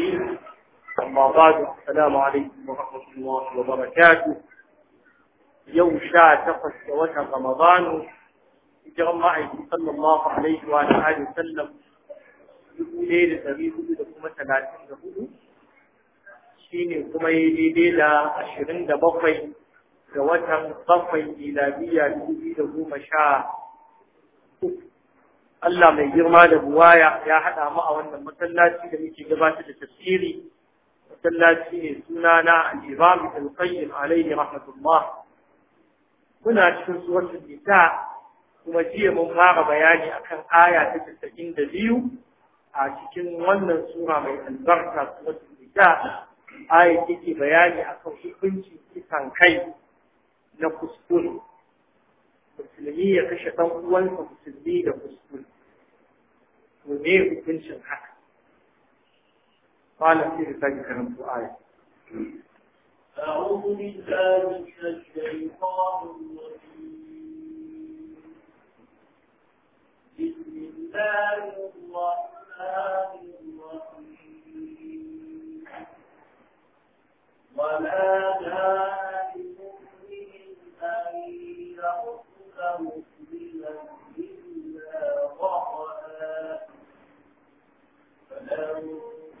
الدين أما بعد السلام عليكم ورحمة الله وبركاته يوم شاء تقص وجه رمضان إجرم معي صلى الله عليه وعلى آله وسلم ليلة أبي هدو لكم ثلاثين هدو shine kuma yi daidai da ashirin da bakwai ga watan bakwai miladiya dubu biyu da goma sha uku Allah mai girma da buwaya ya haɗa mu a wannan masallaci da muke gabatar da tafsiri masallaci ne suna na al-Imam Al-Qayyim alayhi rahmatullah muna cikin suratul Nisa kuma jiya mun fara bayani akan aya ta 92 a cikin wannan sura mai albarka suratul Nisa aya take bayani akan hukunci kisan kai na kuskure musulmi ya kashe ɗan uwansa musulmi da kuskure ne hukuncin haka kwanan shi da sake karantu aya ولا تهاجروا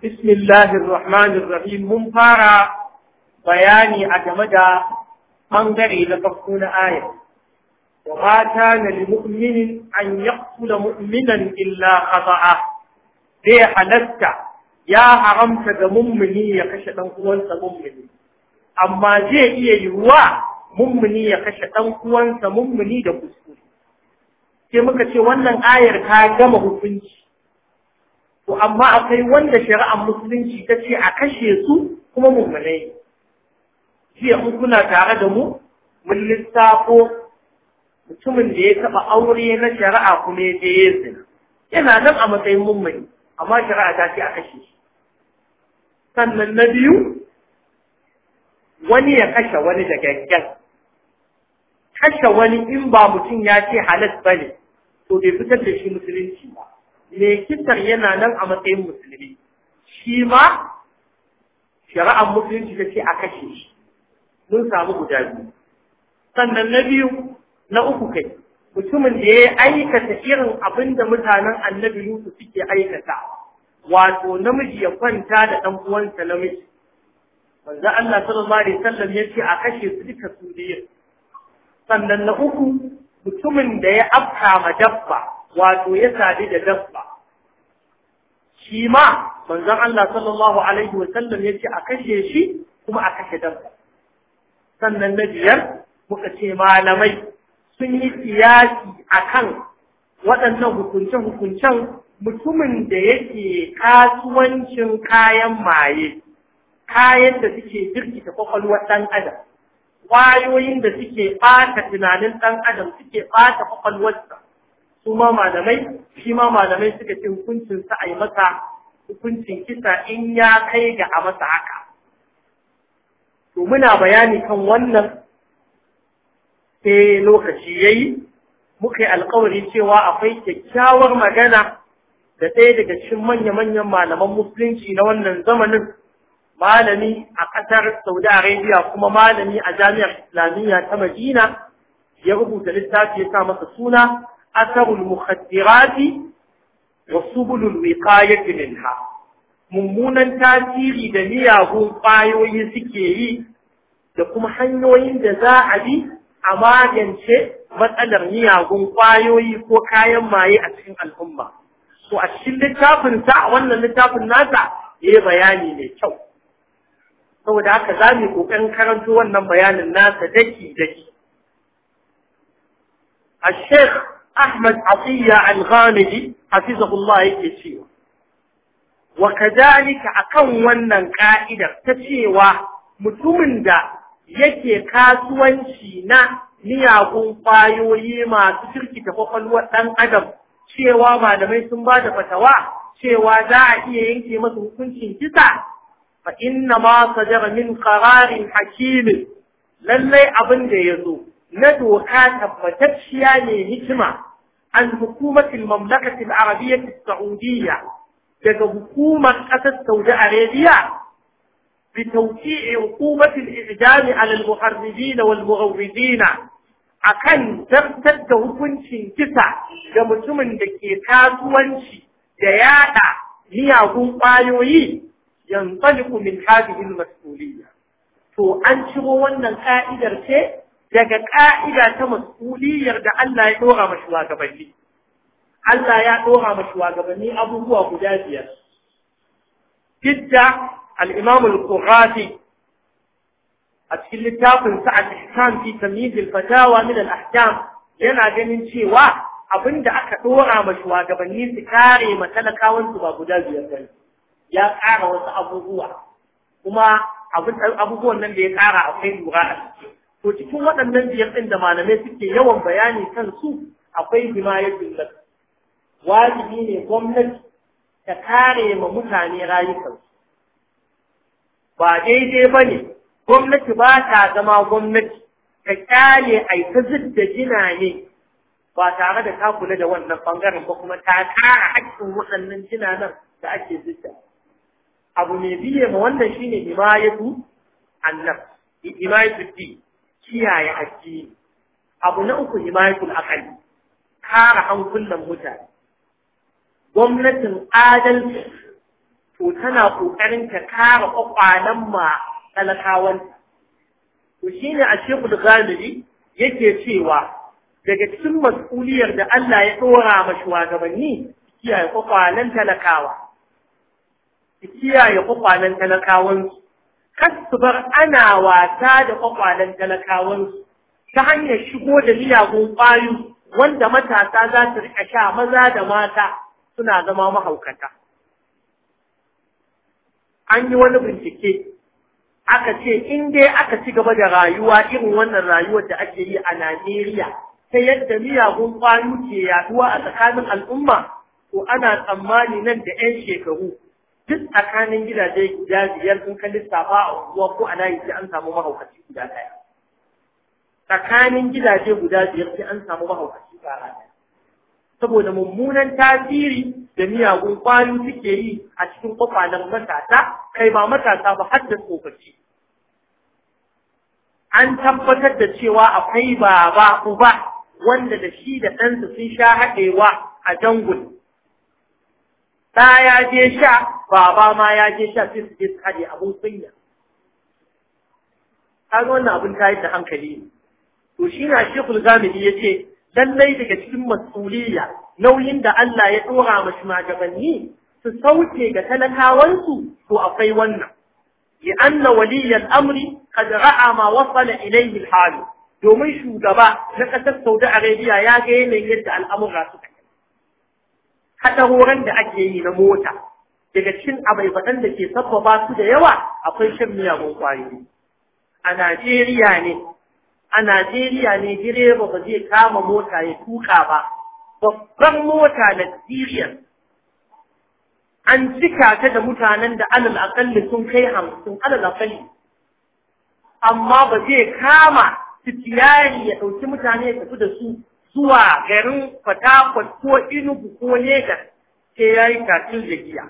Bismillahir Rahmanir Rahim mun fara bayani a game da bangare na farko na ayar. Wa ma kana lil mu'minin an yaqtula mu'minan illa khata'a. Zai halatta ya haramta da mummuni ya kashe dan uwansa mummuni. Amma zai iya yiwuwa mummuni ya kashe dan uwansa mummuni da kuskure. Sai muka ce wannan ayar ta gama hukunci to amma akwai wanda shari'ar musulunci ta ce a kashe su kuma mummunai jiya in kuna tare da mu mun lissafo mutumin da ya taɓa aure na shari'a kuma ya je ya zina yana nan a matsayin mummuni amma shari'a ta ce a kashe shi sannan na biyu wani ya kashe wani da gangan kashe wani in ba mutum ya ce halas ba ne to bai fitar da shi musulunci ba mai yana nan a matsayin musulmi shi ma shari'ar musulunci ta ce a kashe shi mun samu guda biyu sannan na biyu na uku kai mutumin da ya aikata irin abin da mutanen annabi Yusuf suke aikata wato namiji ya kwanta da ɗan uwansa namiji manzo Allah sallallahu alaihi wasallam ya ce a kashe su duka su biyu sannan na uku mutumin da ya afka ma dabba wato ya sadu da dabba shi ma manzon Allah sallallahu alaihi wa sallam yace a kashe shi kuma a kashe dabba sannan na biyar muka ce malamai sun yi siyasi akan waɗannan hukunce-hukuncen mutumin da yake kasuwancin kayan maye kayan da suke jirkita kwakwalwar ɗan adam ƙwayoyin da suke ɓata tunanin ɗan adam suke ɓata kwakwalwarsa su ma malamai shi ma malamai suka ce hukuncin sa a yi masa hukuncin kisa in ya kai ga a masa haka to muna bayani kan wannan sai lokaci yayi muka yi alkawari cewa akwai kyakkyawar magana da ɗaya daga cikin manya-manyan malaman musulunci na wannan zamanin malami a ƙasar saudi arabia kuma malami a jami'ar islamiyya ta madina ya rubuta littafi ya sa masa suna أثر المخدرات وسبل الوقاية منها mummunan tasiri da miyagun ƙwayoyi suke yi da kuma hanyoyin da za a bi a magance matsalar miyagun ƙwayoyi ko kayan maye a cikin al'umma. Ko a cikin littafinsa a wannan littafin nasa ya bayani ne kyau. Saboda haka za mu yi ƙoƙarin karanto wannan bayanin nasa daki-daki. A shek. Ahmad أحمد عطية الغامدي حفظه الله a kan wannan ƙa'idar ta cewa mutumin da yake kasuwanci na miyagun kwayoyi masu cirkita kwakwalwar ɗan adam cewa malamai sun ba da fatawa cewa za a iya yanke masa hukuncin kisa fa inna ma sajara min qararin hakimin lallai abin da ya zo na doka tabbatacciya ne hikima an حكومة mamlakatin العربية السعودية daga hukumar ƙasar Saudi Arabia bi tawqi'i hukumat al-i'dam 'ala al-muharribin akan zartar da hukuncin kisa ga mutumin da ke kasuwanci da yada miyagun ƙwayoyi yanzu min hadhihi masuliyya to an ciro wannan ka'idar ce daga ƙa'ida ta masuliyar da Allah ya ɗora ma shugabanni. Allah ya ɗora ma shugabanni abubuwa guda biyar. Fidda al'imam al-Qurrafi a cikin littafin sa al-Ihkam fi fatawa min al-ahkam yana ganin cewa abinda aka ɗora ma shugabanni su kare matalakawan su ba guda biyar ba Ya ƙara wasu abubuwa kuma abubuwan nan da ya kara akwai lura to cikin waɗannan biyar ɗin da malamai suke yawan bayani kan su akwai himayar nafs wajibi ne gwamnati ta kare ma mutane rayukansu ba daidai ba ne gwamnati ba ta zama gwamnati ta kyale a yi ta jina ne ba tare da ta kula da wannan ɓangaren ba kuma ta kara haƙƙin waɗannan jina nan da ake zidda abu mai biye ma wannan shine himayatu annab himayatu din kiyaye addini abu na uku himayatul aqali kare hankulan mutane gwamnatin adalci to tana kokarin ta kare kwakwalan ma talakawan to shine a shekul galibi yake cewa daga cikin mas'uliyar da Allah ya dora ma shugabanni kiyaye kwakwalan talakawa kiyaye kwakwalan talakawansu kasu bar ana wasa da kwakwalen talakawansu ta hanyar shigo da miyagun ƙwayo wanda matasa za su rika sha maza da mata suna zama mahaukata. An yi wani bincike aka ce in dai aka ci gaba da rayuwa irin wannan rayuwar da ake yi a Najeriya ta yadda miyagun ƙwayo ke yaduwa a tsakanin al'umma ko ana tsammani nan da 'yan shekaru duk tsakanin gidaje guda biyar sun kan lissafa a unguwa ko a layi sai an samu mahaukaci guda ɗaya tsakanin gidaje guda biyar sai an samu mahaukaci ƙara ɗaya saboda mummunan tasiri da miyagun kwari suke yi a cikin kwakwalen matasa kai ba matasa ba har da tsofaffi an tabbatar da cewa akwai baba uba wanda da shi da ɗansa sun sha haɗewa a jangul ɗa ya je sha baba ma ya je sha sai su je su abun kunya kaga wannan abin tayar da hankali ne to shi na shekul ya ce lallai daga cikin masuliya nauyin da Allah ya ɗora ma shugabanni su sauke ga talakawansu to akwai wannan Ki anna waliyan amri kad ra'a ma wasala ilayhi al domin shugaba na ƙasar Saudi Arabia ya ga yanayin yadda al'amura suka haɗaroran da ake yi na mota daga cin abai abaibaɗan da ke sabbaba su da yawa akwai shan miyagun ƙwayoyi a Najeriya ne a Najeriya ne direba ba zai kama mota ya tuka ba babban mota Najeriya. an cika ta da mutanen da alal akalli sun kai hamsin alal akalli amma ba zai kama tiyari ya ɗauki mutane ya tafi da su zuwa garin Fatakwal ko Inugu ko Legas sai ya yi katil da giya.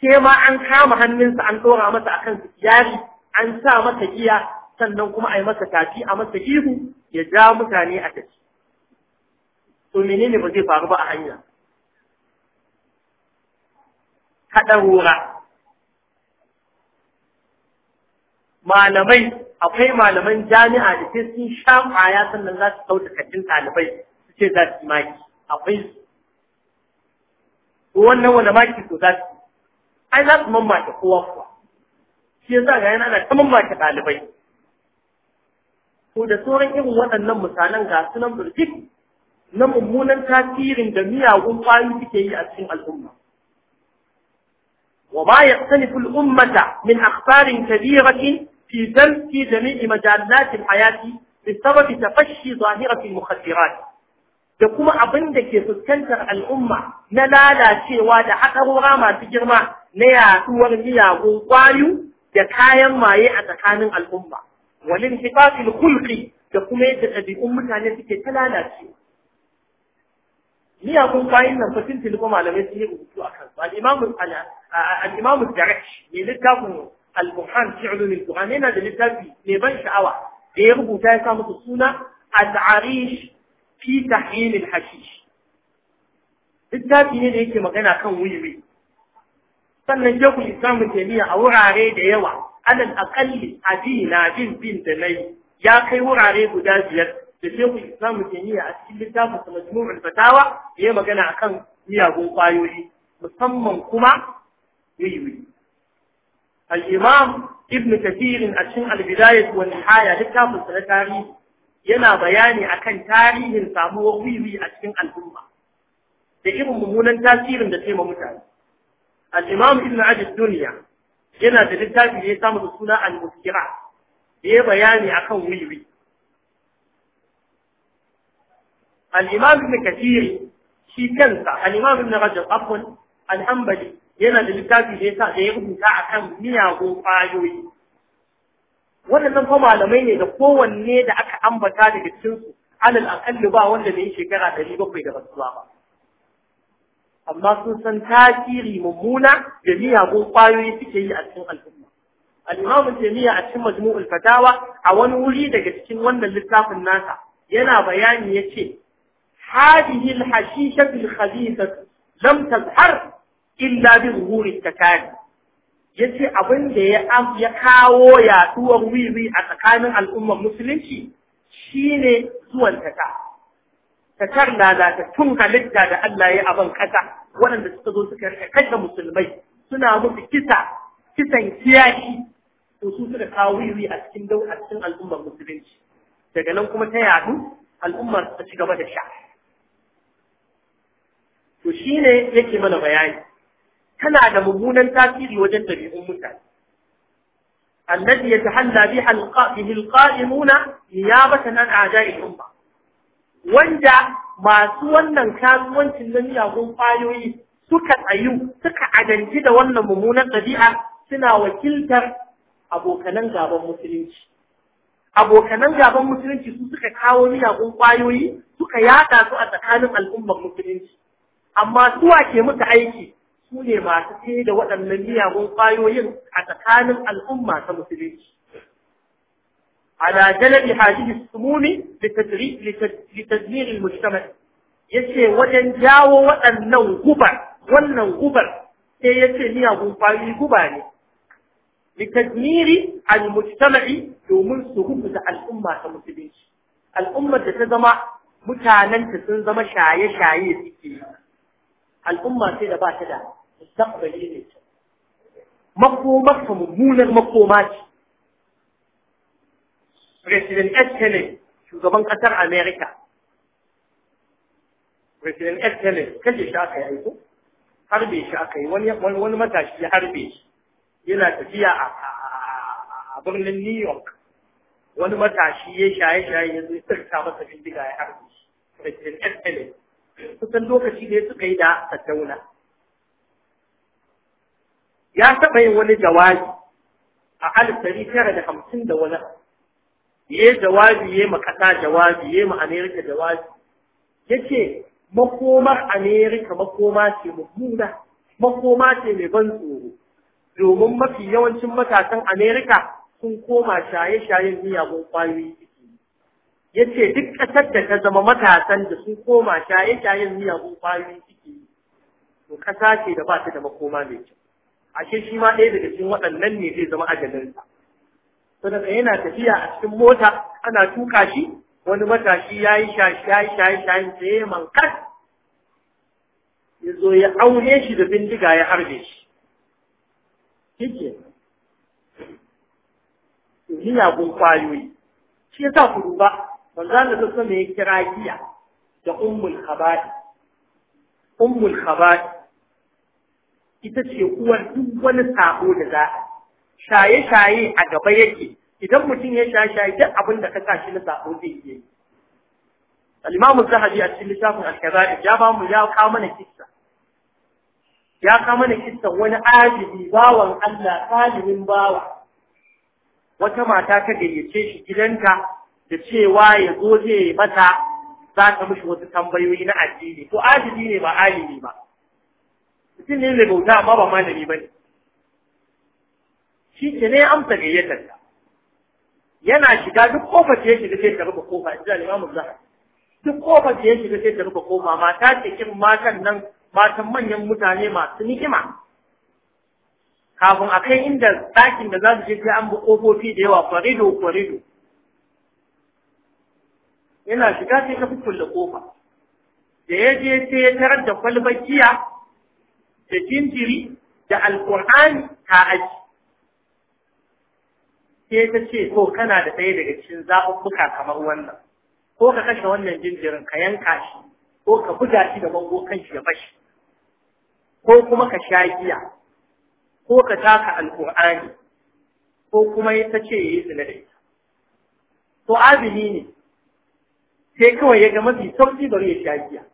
Sai ma an kama hannunsa an ɗora masa akan yari an sa masa giya sannan kuma a yi masa tafi a masa ihu ya ja mutane a tafi. To menene ba zai faru ba a hanya? Kaɗarora. Malamai akwai malaman jami'a da sai sun sha kwaya sannan za su kauta kaddin ɗalibai su ce za su maki akwai su wannan wanda maki su za su ai za su mamata kowa kuwa shi yasa ga yana ana ta mamaki ɗalibai ko da sauran irin waɗannan misalan ga su nan na mummunan tasirin da miyagun kwayoyi suke yi a cikin al'umma وما يختلف الأمة من أخبار كبيرة في دمج جميع مجالات الحياة بسبب تفشي ظاهرة المخدرات da kuma abin da ke fuskantar al'umma na lalacewa da haɗarura masu girma na yaɗuwar miyagun ƙwayu da kayan maye a tsakanin al'umma, walin hifafin kulki da kuma yadda ɗabi'un mutane suke ta lalacewa. miyagun bayan nan fatin tilba malamai sun rubutu a kansu al'imamu al'imamu darash mai littafin al quran fi al-qur'an yana da littafi mai ban sha'awa da ya rubuta ya sa musu suna al-arish fi tahyin al-hashish littafi ne da yake magana kan wuyuwi sannan ku islamu taimiyya a wurare da yawa alal akalli adina na bin bin da nayi ya kai wurare guda biyar da shekul islamu taimiyya a cikin littafin sa majmu'ul fatawa ya magana akan miyagun kwayoyi musamman kuma wuyuwi al-imam ibn kathir a cikin al-bidayah wa nihaya littafin sa na tarihi yana bayani a kan tarihin samuwar wiwi a cikin al'umma da irin mummunan tasirin da taimaka mutane al-imam ibn ajid dunya yana da littafi da ya samu da suna al-muskira da ya bayani a kan wiwi al-imam ibn kathir shi kansa al-imam ibn rajab afwan al-hanbali yana da littafi da ya sa da ya rubuta a kan miyagun kwayoyi waɗannan fa malamai ne da kowanne da aka ambata daga cikin su alal aqalli ba wanda yi shekara 700 da basuwa ba amma sun san tasiri mummuna da miyagun kwayoyi suke yi a cikin al'umma al jami'a a cikin majmu'ul fatawa a wani wuri daga cikin wannan littafin nasa yana bayani yace ce, al khabithatu lam tazhar illa bi zuhuri takani yace abin da ya ya kawo yaduwar wiwi a tsakanin al'ummar musulunci shine zuwan taka takar tun halitta da Allah ya aban kasa waɗanda suka zo suka rika kashe musulmai suna musu kisa kisan kiyashi to su suka kawo wiwi a cikin dau cikin al'ummar musulunci daga nan kuma ta yadu al'ummar ta ci gaba da sha to shine yake mana bayani tana da mummunan tasiri wajen ɗabi'un mutane الذي يتحلى ya ba ta nan a أعداء الأمة wanda masu wannan kasuwancin na miyagun ƙwayoyi suka tsayu suka adanci da wannan mummunan ɗabi'a suna wakiltar abokanan gaban musulunci abokanan gaban musulunci su suka kawo miyagun ƙwayoyi suka yaɗa su a tsakanin al'ummar musulunci amma suwa ke musu aiki su ne masu sai da waɗannan miyagun ƙwayoyin a tsakanin al'umma ta musulunci. Ala jalabi hadihi sumumi litazmirin Ya ce wajen jawo waɗannan gubar wannan gubar sai ya ce miyagun ƙwayoyi guba ne litazmiri al-mujtama'i domin su rubuta al'umma ta musulunci al'ummar da ta zama mutanenta sun zama shaye-shaye suke al'umma sai da ba ta da mustaqbali ne makomarsa mummunar makoma ce president Ed shugaban ƙasar Amerika. President Ed Kennedy, kalle shi aka yi aiko, harbe shi aka yi, wani matashi ya harbe shi, yana tafiya a birnin New York. Wani matashi ya shaye-shaye ya zo ya tsirta masa bindiga ya harbe shi. President Ed Kennedy, kusan lokaci ne suka yi da tattauna. ya taɓa yin wani jawabi a alif ɗari tara da hamsin da wani ya jawabi ya ma ƙasa jawabi ya ma amerika jawabi ya ce makomar amerika makoma ce mummuna makoma ce mai ban tsoro domin mafi yawancin matasan amerika sun koma shaye-shayen miyagun kwayoyi ya ce duk ƙasar da ta zama matasan da sun koma shaye-shayen miyagun kwayoyi ciki to ƙasa ce da ba ta da makoma mai kyau ashe shi ma ɗaya daga cikin waɗannan ne zai zama ajalinsa saboda yana tafiya a cikin mota ana tuka shi wani matashi ya yi shayi shayi ta yi mankas ya zo ya aure shi da bindiga ya harbe shi shike miyagun kwayoyi shi yasa ku duba manzan da sassa mai kira giya da ummul khaba'i ummul khaba'i ita ce uwar duk wani sabo da za a shaye-shaye a gaba yake idan mutum ya sha shaye duk abin da ka sa shi na sabo zai yi al zahabi a cikin littafin alkazari ya ba mu ya kawo mana kissa ya kawo mana kissa wani ajibi bawan Allah salimin bawa wata mata ta gayyace shi gidanta da cewa ya zo zai mata za ta mishi wasu tambayoyi na addini ko ajibi ne ba alimi ba Cikin ne mai bauta amma ba malami ba ne shi ke ne amsa gayyatar ta yana shiga duk kofar da ya shiga sai ta rufe kofa in ji mu zahar duk kofar da ya shiga sai ta rufe kofa mata ce kin matan nan matan manyan mutane masu ni'ima kafin a kai inda ɗakin da za su je sai an bi ƙofofi da yawa kwarido kwarido yana shiga sai ta kulle ƙofa da ya je sai ya tarar da kwalbar jiya. da jinjiri da alƙur'ani ka aji sai ta ce to kana da ɗaya daga cikin zaɓuɓɓuka kamar wannan ko ka kashe wannan jinjirin ka yanka shi ko ka buga shi da bango kan shi ya bashi ko kuma ka sha giya ko ka taka alƙur'ani ko kuma ta ce ya yi zina da ita to azumi ne sai kawai ya ga mafi sauƙi bari ya sha giya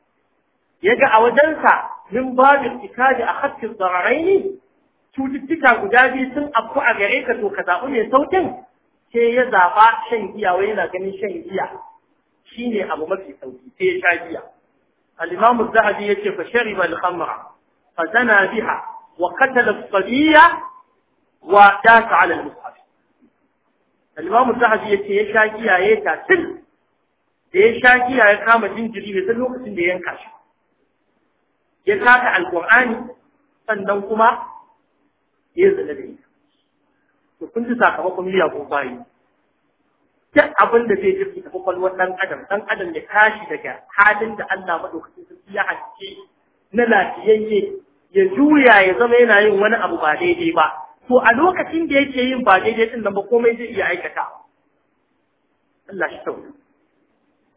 yaga a wajensa min babin ikadi a hakkin zararaini cututtuka guda biyu sun afku a gare ka to ka zaɓi mai saukin sai ya zaɓa shan giya wai yana ganin shan giya Shi shine abu mafi sauƙi, sai ya sha giya al-imam az-zahabi yace fa shariba al-khamra fa zana biha wa qatala as-sabiya wa daka 'ala al-mushaf al-imam az-zahabi ya sha giya ya ta til da ya sha giya ya kama jinjiri bai san lokacin da ya yanka shi ya taka alkur'ani sannan kuma ya zina da ita to kun ji sakamakon miyagun bayi duk abin da zai jirgi ta kwakwalwar ɗan adam ɗan adam ya tashi daga halin da Allah maɗaukacin sarki ya hanke na lafiyayye ya juya ya zama yana yin wani abu ba daidai ba to a lokacin da yake yin ba daidai ɗin nan ba komai zai iya aikata Allah shi sauka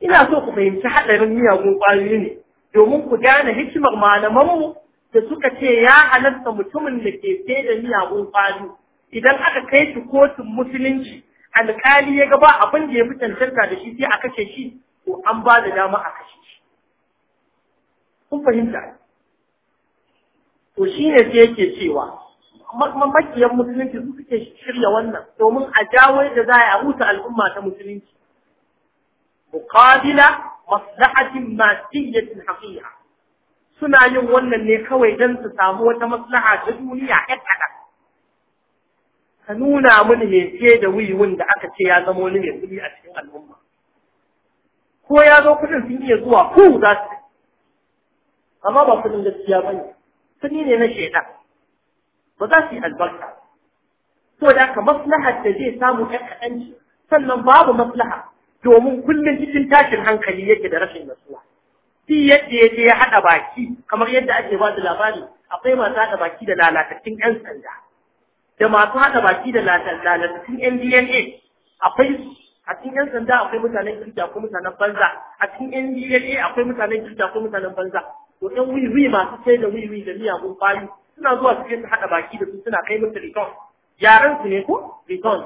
ina so ku fahimci haɗarin miyagun ƙwayoyi ne domin ku gane hikimar malamanmu da suka ce ya halatta mutumin da ke sai da miyagun kwano idan aka kai shi kotun musulunci alkali ya gaba abin da ya fi cancanta da shi sai a kashe shi ko an ba da dama a kashe shi kun fahimta to ne sai yake cewa makiyan musulunci su suke shirya wannan domin a jawo da za a huta al'umma ta musulunci muqabila maslahatin madiyatin haqiqa suna yin wannan ne kawai don su samu wata maslaha ta duniya ɗan kaɗan ka nuna mini da wiwin da aka ce ya zama wani mai kudi a cikin al'umma ko ya zo kuɗin sun iya zuwa ko za su amma ba kudin gaskiya ba ne kuɗi ne na shaidan ba za su yi albarka ko da ka maslahar da zai samu ɗan kaɗan sannan babu maslaha domin kullum cikin tashin hankali yake da rashin nasuwa shi yadda ya je ya haɗa baki kamar yadda ake ba da labari akwai masu haɗa baki da lalatattun 'yan sanda da masu haɗa baki da lalatattun 'yan DNA akwai a cikin 'yan sanda akwai mutanen kirki akwai mutanen banza a cikin 'yan DNA akwai mutanen kirki akwai mutanen banza to 'yan wiwi masu sai da wiwi da miyagun kwayoyi suna zuwa su je su haɗa baki da su suna kai musu return yaran su ne ko return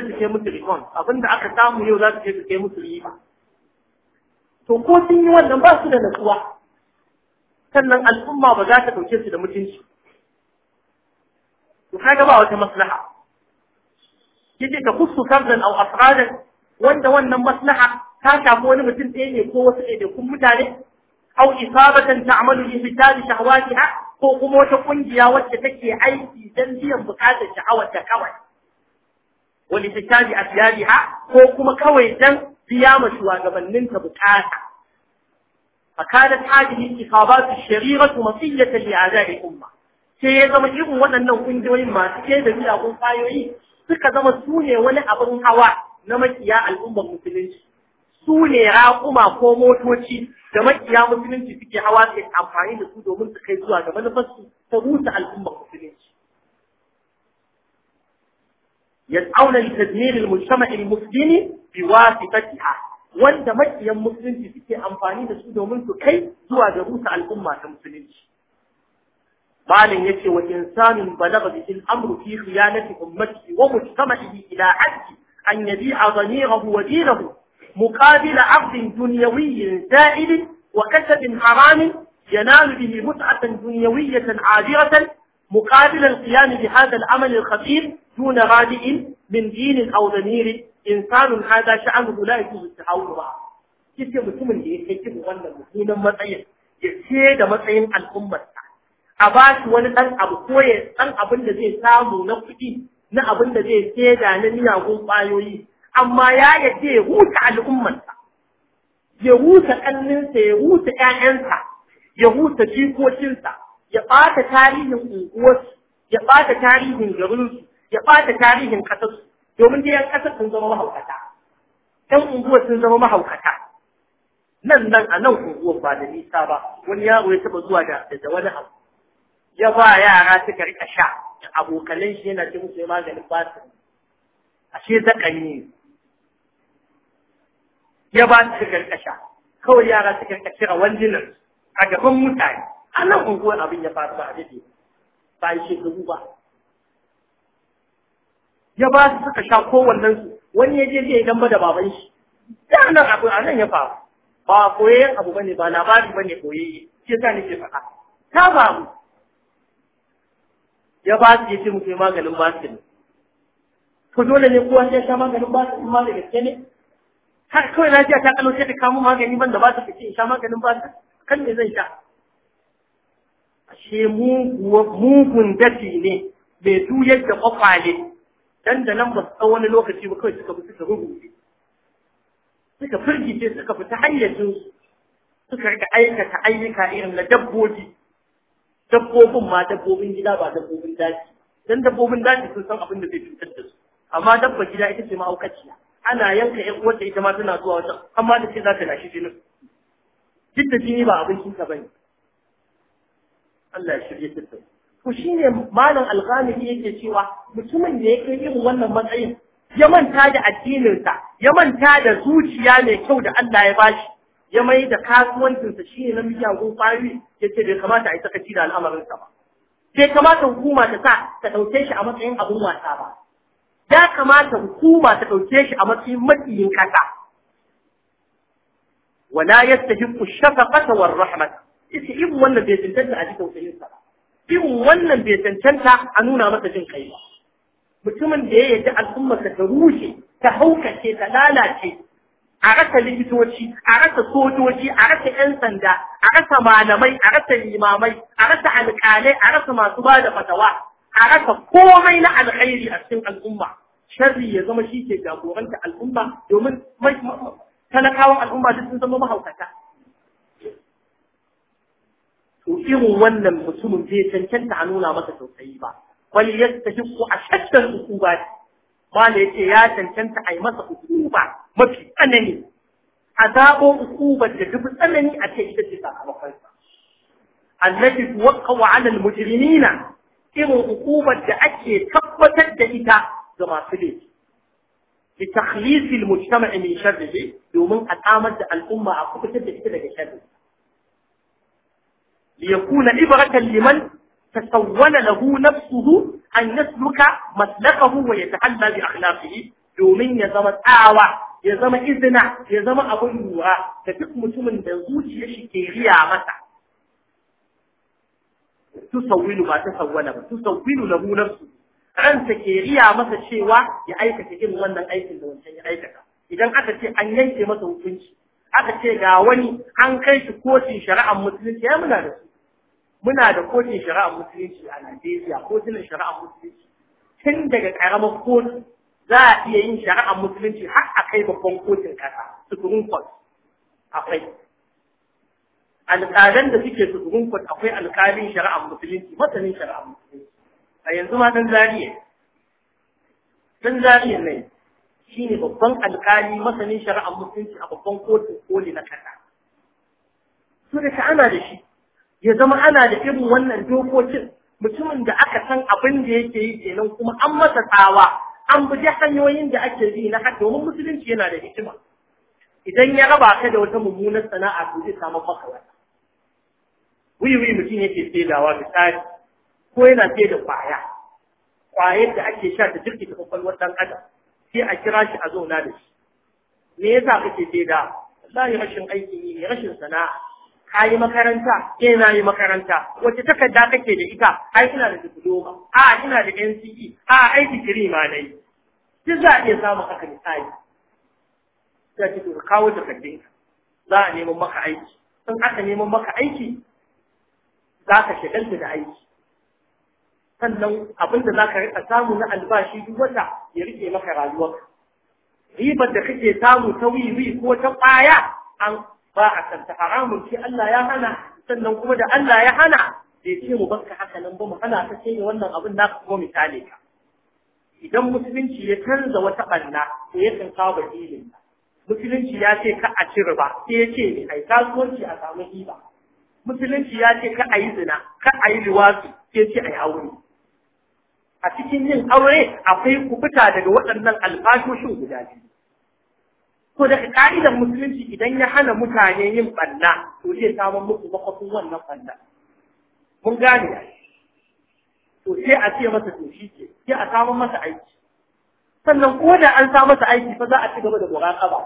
sai musu rikon abinda aka samu yau za su kai musu riba to ko sun yi wannan ba su da natsuwa sannan al'umma ba za ta ɗauke su da mutunci to ga ba wata maslaha yace ka kusu fardan aw afradan wanda wannan maslaha ta shafi wani mutum ɗaya ne ko wasu ɗaya, kun mutane aw isabatan ta'malu bi fitali shahawatiha ko kuma wata kungiya wacce take aiki dan biyan bukatar sha'awar ta kawai wani fitani a fiyadiha ko kuma kawai dan biya ma shugabanninta bukata fakadat hadhihi isabatu shari'atu masiyatan a azari umma Ke ya zama irin waɗannan ƙungiyoyin masu ke da miyagun kwayoyi suka zama su ne wani abin hawa na makiya al'ummar musulunci su ne raƙuma ko motoci da makiya musulunci suke hawa ke amfani da su domin su kai zuwa ga manufarsu ta rusa al'ummar musulunci يدعون لتدمير المجتمع المسلم بواسطتها وانت مجيا مسلم في سكي انفاني لسوده منك كي دوا على الامة المسلمين قال يتي وإنسان بلغ به الأمر في خيانة أمته ومجتمعه إلى حد أن يبيع ضميره ودينه مقابل عقد دنيوي زائل وكسب حرام ينال به متعة دنيوية عابرة مقابل القيام بهذا العمل الخطير دون رادئ من دين أو ضمير إنسان هذا شأنه لا يجوز التعاون معه kike mutumin da ya kai kin wannan mutumin matsayin ya ce da matsayin al'ummarsa a ba wani dan abu ko abin da zai samu na kuɗi na abin da zai na miyagun ƙwayoyi amma ya yadda ya huta al'ummarsa ya huta ƙanninsa ya huta 'ya'yansa, ya huta jikokinsa ya ɓata tarihin unguwarsu ya ɓata tarihin garinsu ya ɓata tarihin ƙasarsu domin dai yan ƙasar sun zama mahaukata yan unguwar sun zama mahaukata nan nan a nan unguwar ba da nisa ba wani yaro ya taɓa zuwa da da wani abu ya ba yara suka rika sha abokanan shi yana ce musu ya maganin basir ashe zaƙan ne ya ba su suka rika sha kawai yara suka rika cire wandunan a gaban mutane a nan unguwar abin ya faru ba a daɗe ba yi shekaru ba ya ba su suka sha kowannen su wani ya je zai damba da baban shi da nan abu a nan ya faru ba koyayyen abu bane ba labari bane koyayye shi ne ke faɗa ta faru ya ba su ya ce maganin ba maganin ne to dole ne kowa sai sha maganin su ma da gaske ne kawai na ta kalo sai da kamo magani ban da ba su fice in sha maganin su kan me zai sha ashe mugun dafi ne bai juyar da ne dan da nan ba su tsawon wani lokaci ba kawai suka fita suka rubuce suka firgice suka fita su suka rika aikata ayyuka irin na dabbobi dabbobin ma dabbobin gida ba dabbobin daji dan dabbobin daji sun san abin da zai cutar da su amma dabba gida ita ce ma'aukaciya ana yanka ƴan uwarta ita ma tana zuwa wajen amma da ce za ta lashe jinin duk da jini ba abincin ka ne. Allah ya shirye ta to shine malam alghamidi yake cewa mutumin da ya kai irin wannan matsayin ya manta da addininsa ya manta da zuciya mai kyau da Allah ya bashi ya mai da kasuwancinsa shine na miyagun kwayoyi ya ce bai kamata a yi sakaci da al'amarinsa ba bai kamata hukuma ta sa ta ɗauke shi a matsayin abin wasa ba ya kamata hukuma ta ɗauke shi a matsayin matsiyin kasa wala yastahiqu shafaqata war rahmata yace irin wannan bai cancanta a irin wannan bai cancanta a nuna masa jin kai ba mutumin da ya yarda ka ta rushe ta haukace ta lalace a rasa likitoci a rasa sojoji a rasa 'yan sanda a rasa malamai a rasa limamai a rasa alƙalai a rasa masu ba da fatawa a rasa komai na alkhairi a cikin al'umma sharri ya zama shi ke jagoranta al'umma domin talakawan al'umma duk sun zama mahaukata to irin wannan mutumin bai cancanta a nuna masa tausayi ba bal yastahiqu ashaddan uquba mala yace ya cancanta a yi masa uquba mafi tsanani azabun uqubar da duk tsanani a ce ita ce sakamakon sa allati tuwaqqa'u 'ala mujrimina irin uqubar da ake tabbatar da ita ga masu laifi li takhlis al min domin a kamar da al'umma a kubutar da ita daga sharri ليكون عبرة لمن تسول له نفسه أن يسلك مسلكه ويتحلى بأخلاقه domin ya zama tsawa ya zama izina ya zama abin lura da duk mutumin da zuciya shi ke riya masa tusawwilu ba ba ransa ke riya masa cewa ya aikata irin wannan aikin da wancan ya aikata idan aka ce an yanke masa hukunci aka ce ga wani an kai shi kotun shari'ar musulunci ya muna da su muna da kotun shari'a musulunci a Najeriya kotunan shari'a musulunci tun daga karamar kotu za a iya yin shari'a musulunci har a kai babban kotun kasa supreme court akwai alƙalan da suke supreme court akwai alƙalin shari'a musulunci masanin shari'a musulunci a yanzu ma dan zariya dan zariya ne shine babban alƙali masanin shari'a musulunci a babban kotun koli na kasa su da ana da shi ya zama ana da irin wannan dokokin mutumin da aka san abin da yake yi kenan kuma an masa tsawa an bi hanyoyin da ake bi na haka domin musulunci yana da hikima idan ya raba ka da wata mummunar sana'a to zai samu maka wata wuyi mutum yake saidawa misali ko yana saida kwaya kwayar da ake sha ta jirki ta kwakwalwar dan adam sai a kira shi a zauna da shi me yasa kake saida wallahi rashin aiki ne rashin sana'a ka yi makaranta ke eh, na yi makaranta wace takarda kake da ita ai ina da diploma a ina da NCE a ai degree ma dai duk za a iya samun haka ne sai ci ka kawo takardun za a neman maka aiki in aka neman maka aiki za ka shagalta da aiki sannan abinda za ka rika samu na albashi duk wata ya rike maka rayuwarka ribar da kake samu ta wiwi ko ta ƙwaya an ba a kanta haramun ce Allah ya hana sannan kuma da Allah ya hana bai ce mu banka haka nan ba mu hana ka ce wannan abin naka ko misali ka idan musulunci ya canza wata banna to ya kan kawo bakilin musulunci ya ce ka a ci riba sai ya ce ai kasuwanci a samu riba musulunci ya ce ka a yi zina ka a yi liwafi sai ce ai aure a cikin yin aure akwai kubuta daga waɗannan alfashoshin guda biyu ko daga ka'idar musulunci idan ya hana mutane yin banna to zai samu muku makwafin wannan banna mun gane ya to sai a ce masa to shi ke sai a samu masa aiki sannan ko da an sa masa aiki fa za a ci gaba da muraƙaba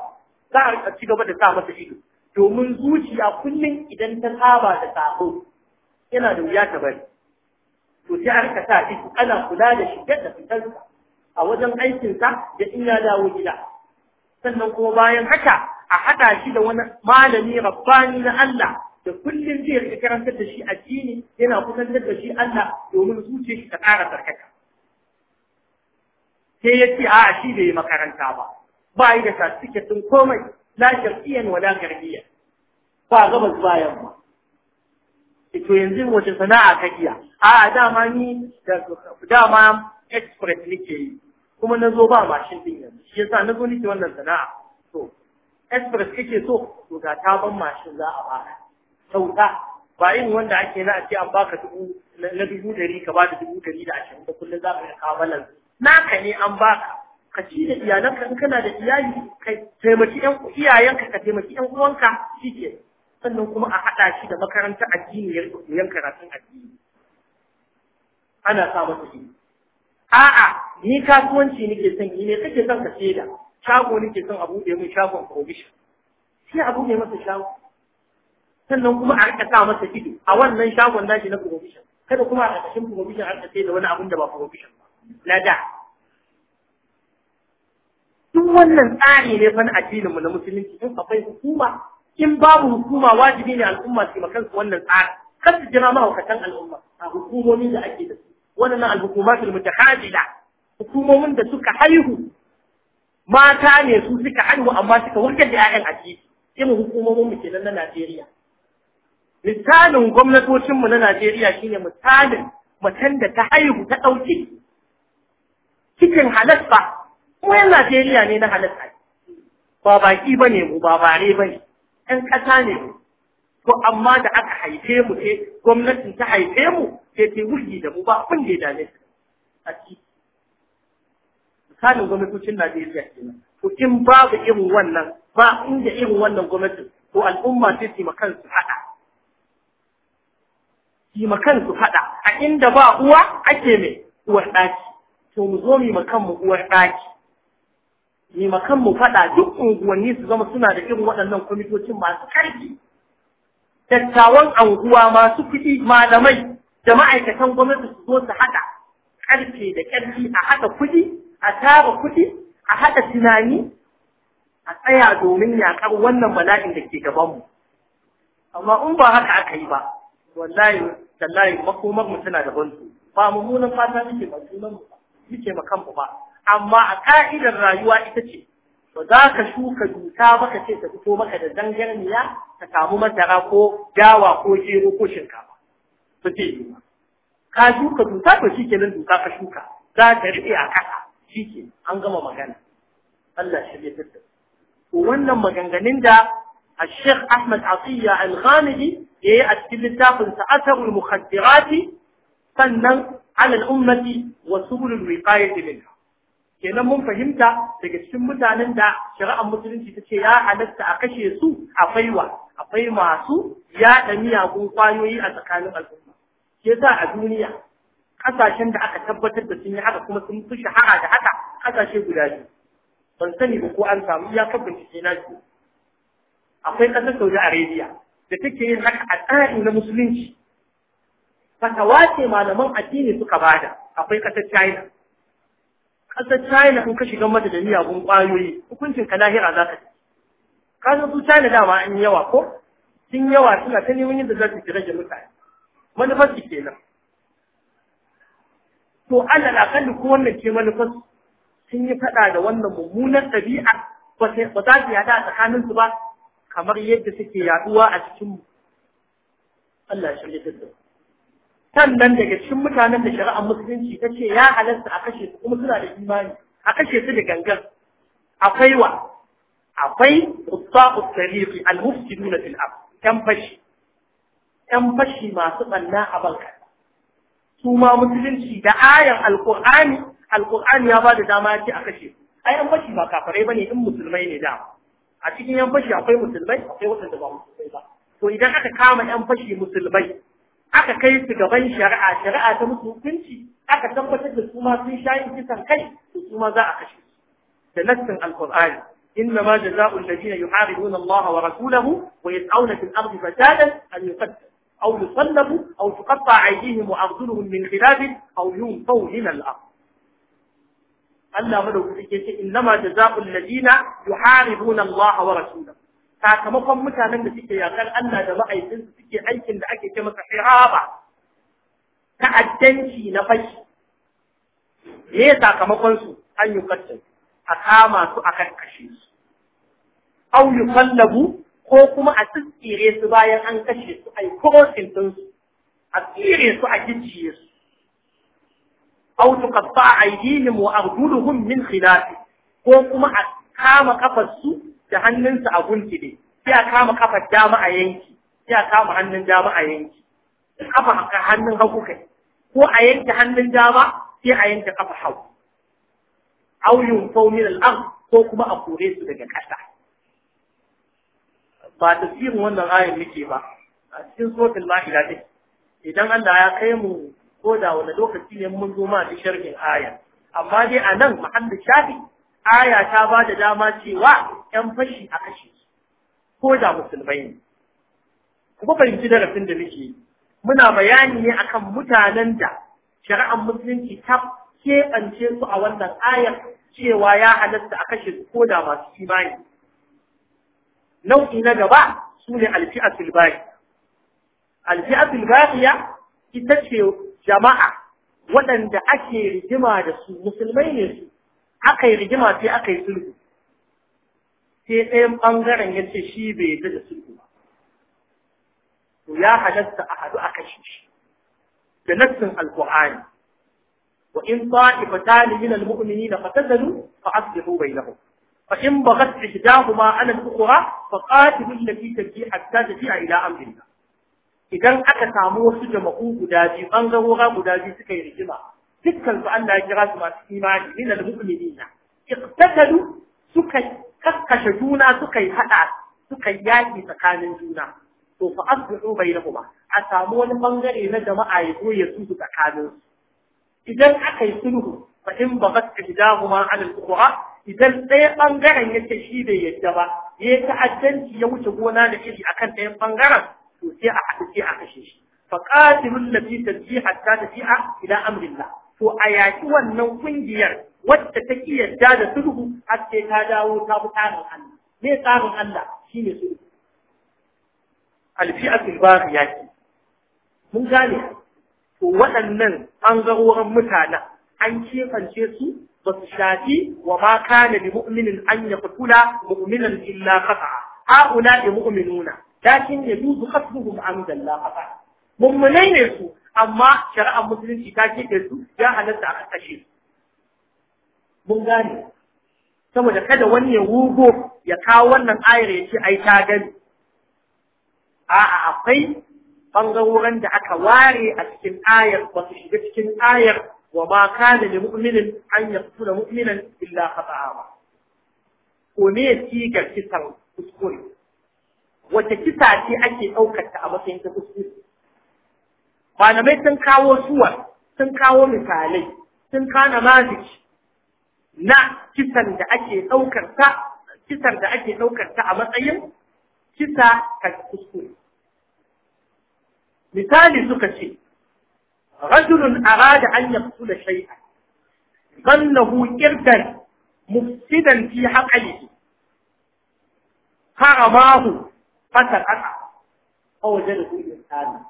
za a ci gaba da sa masa ido domin zuciya kullum idan ta saba da sako yana da wuya ta bari to sai a rika sa ido ana kula da shi da fitarsa a wajen aikinsa da in ya dawo gida sannan kuma bayan haka a haɗa shi da wani malami rabbani na Allah da kullum zai rika karantar da shi addini yana kusantar da shi Allah domin zuce shi ta ƙara tsarkaka sai ya ce a shi bai makaranta ba ba yi da sasiketin komai la shar'iyyan wala garbiyyan ba gabas bayan ba to yanzu wace sana'a ka iya a dama ni da dama express nake yi kuma na zo ba mashin din yanzu shi yasa na zo nake wannan sana'a to express kake so to ga ta ban mashin za a baka sauta ba yin wanda ake na a ce an baka dubu na dubu dari ka ba da dubu dari da ashirin da kullum za ka yi Na naka ne an baka ka ci da iyalanka in kana da iyali ka taimaki yan iyayenka ka taimaki yan uwanka shike sannan kuma a haɗa shi da makarantar addini yan karatun addini ana sa masa shi a'a ni kasuwanci nake son yi ne kake son ka da shago nake son a buɗe mai shagon provision sai a buɗe masa shago sannan kuma a rika sa masa ido a wannan shagon nashi na provision kada kuma a ƙarƙashin provision a rika da wani abun da ba provision ba na da duk wannan tsari ne fa na addinin mu na musulunci in akwai hukuma in babu hukuma wajibi ne al'umma su makan kansu wannan tsari kar su jira mahaukatan al'umma a hukumomi da ake da su waɗannan al-hukumatul mutahadida hukumomin da suka haihu mata ne su suka haihu amma suka wurgar da 'ya'yan a ciki irin hukumomin mu kenan na Najeriya misalin gwamnatocin mu na Najeriya shine misalin matan da ta haihu ta ɗauki cikin halas ba kuma yan Najeriya ne na halas ba baki bane mu ba bare bane ɗan ƙasa ne to amma da aka haife mu ce gwamnatin ta haife mu sai wuri da mu ba kun da dane dame ta a ci misalin gwamnatocin Najeriya kenan to in babu irin wannan ba inda irin wannan gwamnati to al'umma sai su makan su hada su makan su hada a inda ba uwa ake mai uwar daki to mu zo mu makan mu uwar daki mu makan mu fada duk unguwanni su zama suna da irin waɗannan kwamitocin masu karfi dattawan anguwa masu kuɗi malamai da ma'aikatan gwamnati su zo su haɗa ƙarfe da ƙarfi a haɗa kuɗi a tara kuɗi a haɗa tunani a tsaya domin yaƙar wannan bala'in da ke gabanmu amma in ba haka aka yi ba wallahi tallahi makomar mu tana da su ba mummunan fata muke ba sunan mu muke ma kanmu ba amma a ka'idar rayuwa ita ce ba za ka shuka duka ba ka ce ta fito maka da zangarniya ta samu masara ko dawa ko gero ko shinkafa ka shuka duka to shi kenan duka ka shuka za ka riƙe a ƙasa shi ke an gama magana Allah shi ya tattara to wannan maganganun da al أحمد ya yi a cikin littafin أثر المخدرات sannan alal ummati wa subulul wiqayati minha kenan mun fahimta daga cikin mutanen da shari'ar musulunci ta ce ya halatta a kashe su akwai wa akwai masu yaɗa miyagun kwayoyi a tsakanin al'umma ke sa a duniya kasashen da aka tabbatar da sun yi haka kuma sun fi shahara da haka kasashe guda biyu ban sani ba ko an samu ya kan bincike na shi akwai kasar Saudi Arabia da take yin haka a tsari na musulunci fatawa wace malaman addini suka bada akwai kasar China kasar China in ka shiga mata da miyagun kwayoyi hukuncin ka lahira za ka ka san su China dama an yawa ko sun yawa suna ta neman yadda za su rage mutane manufar ke kenan to Allah na kalli ko wannan ce manufar sun yi faɗa da wannan mummunan ɗabi'a ba za su yada a tsakaninsu ba kamar yadda suke yaduwa a cikin Allah shi ne tattalin. Sannan daga cikin mutanen da shari'ar musulunci ta ce ya halasta a kashe su kuma suna da imani a kashe su da gangan. Akwai wa, akwai usta rifi, al-mufsiduna fil ab, yan fashi. ‘yan fashi masu ɓanna a banka. Suma musulunci da ayan alƙur'ani, alƙur'ani ya ba da dama ce a kashe. Ai, ‘yan fashi ba kafarai ba ne in musulmai ne da. A cikin ‘yan fashi akwai musulmai, akwai waɗanda ba musulmai ba. To idan aka kama ‘yan fashi musulmai, aka kai su gaban shari'a, shari'a ta musu hukunci, aka tabbatar da su ma sun sha yin kisan kai, to su ma za a kashe su. Da nassin alƙur'ani. إنما جزاء الذين يحاربون الله ورسوله ويسعون في الأرض فسادا أن يقتلوا أو يصلبوا أو تقطع أيديهم وأرجلهم من خلاف أو ينفوا من الأرض Allah madaukaki ke ce innama zaɓin ladina yuharibuna Allah wa rasulahu sakamakon mutanen da suke yakan Allah da ma'aikinsu suke aikin da ake ce masa hiraba ta'addanci na fashi me sakamakon su an yi a kama su a karkashe su au yusallabu ko kuma a tsire su bayan an kashe su a yi crossing din su a tsire su a gicciye su aw tuqatta aydihim wa arjuluhum min khilaf ko kuma a kama kafar su da hannunsu a ne sai a kama kafar dama a yanki sai a kama hannun dama a yanki kafa hannun hagu kai ko a yanke hannun dama sai a yanke kafa hagu aw yunfau min al-ard ko kuma a kore su daga ƙasa ba ta tafsirin wannan ayar muke ba a cikin suratul ma'ida ne idan Allah ya kai mu ko da wani lokaci ne mun zo ma da sharhin aya amma dai a nan muhammad shafi aya ta ba da dama cewa ‘yan fashi a kashe su ko da musulmai ne kuma fahimci darasin da muke muna bayani ne akan mutanen da shari'ar musulunci ta keɓance su a wannan ayar cewa ya halatta a kashe su ko da masu kimani nau'i na gaba su ne alfi'atul ba'i alfi'atul ita ce jama'a waɗanda ake rigima da su musulmai ne su aka yi rigima sai aka yi sulhu sai ɗayan ɓangaren ya ce shi bai yarda da sulhu ba to ya halatta a hadu a kashe shi da nassin alƙur'ani wa in ta'ifatan min al-mu'minina fatadalu fa aslihu bainahum فإن بغت إحداهما على الأخرى فقاتل التي تجي حتى تجيء إلى أمر الله idan aka samu wasu jama'u guda biyu ɓangarora guda biyu suka yi rigima dukkan su Allah kira su masu imani min al-mu'minina iqtatalu suka kakkashe juna suka haɗa hada yaki tsakanin juna to fa asbihu bainahuma a samu wani bangare na jama'a ya zo ya su idan aka yi sulhu fa in bagat ihdahuma 'ala al idan ɗaya ɓangaren yake shi bai yadda ba ya yi ta'addanci ya wuce gona da iri kan ɗayan ɓangaren to sai a haɗu a kashe shi fa qatilul lati tajji hatta tafi'a ila amrillah to a yaki wannan kungiyar wacce ta ki yadda da sulhu har sai ta dawo ta bi tsarin Allah me tsarin Allah shine sulhu alfi'atul baghiya mun gane to waɗannan ɓangarorin mutanen an kefance su ba su shafi wa ma kana li mu'minin an yaqtula mu'minan illa khata'a ha'ula'i mu'minuna lakin yajuzu qatluhum amdan la khata'a mummunai ne su amma shari'ar musulunci ta kike su ya halatta a kashe mun gane saboda kada wani ya wugo ya kawo wannan ayar ya ce ai ta gani a'a akwai bangarorin da aka ware a cikin ayar ba su shiga cikin ayar wa ma kana lil mu'mini an yaqtula mu'minan illa khata'a ko ne ci kisan kuskure wata kisa ce ake daukar a matsayin ta kuskure ba na kawo suwa tun kawo misalai tun kana magic na kisar da ake daukar ta a matsayin kisa ka kuskure misali suka ce رجل أراد أن يقتل شيئا ظنه إردا مفسدا في حقه فرماه فتر أقع فوجده إنسانا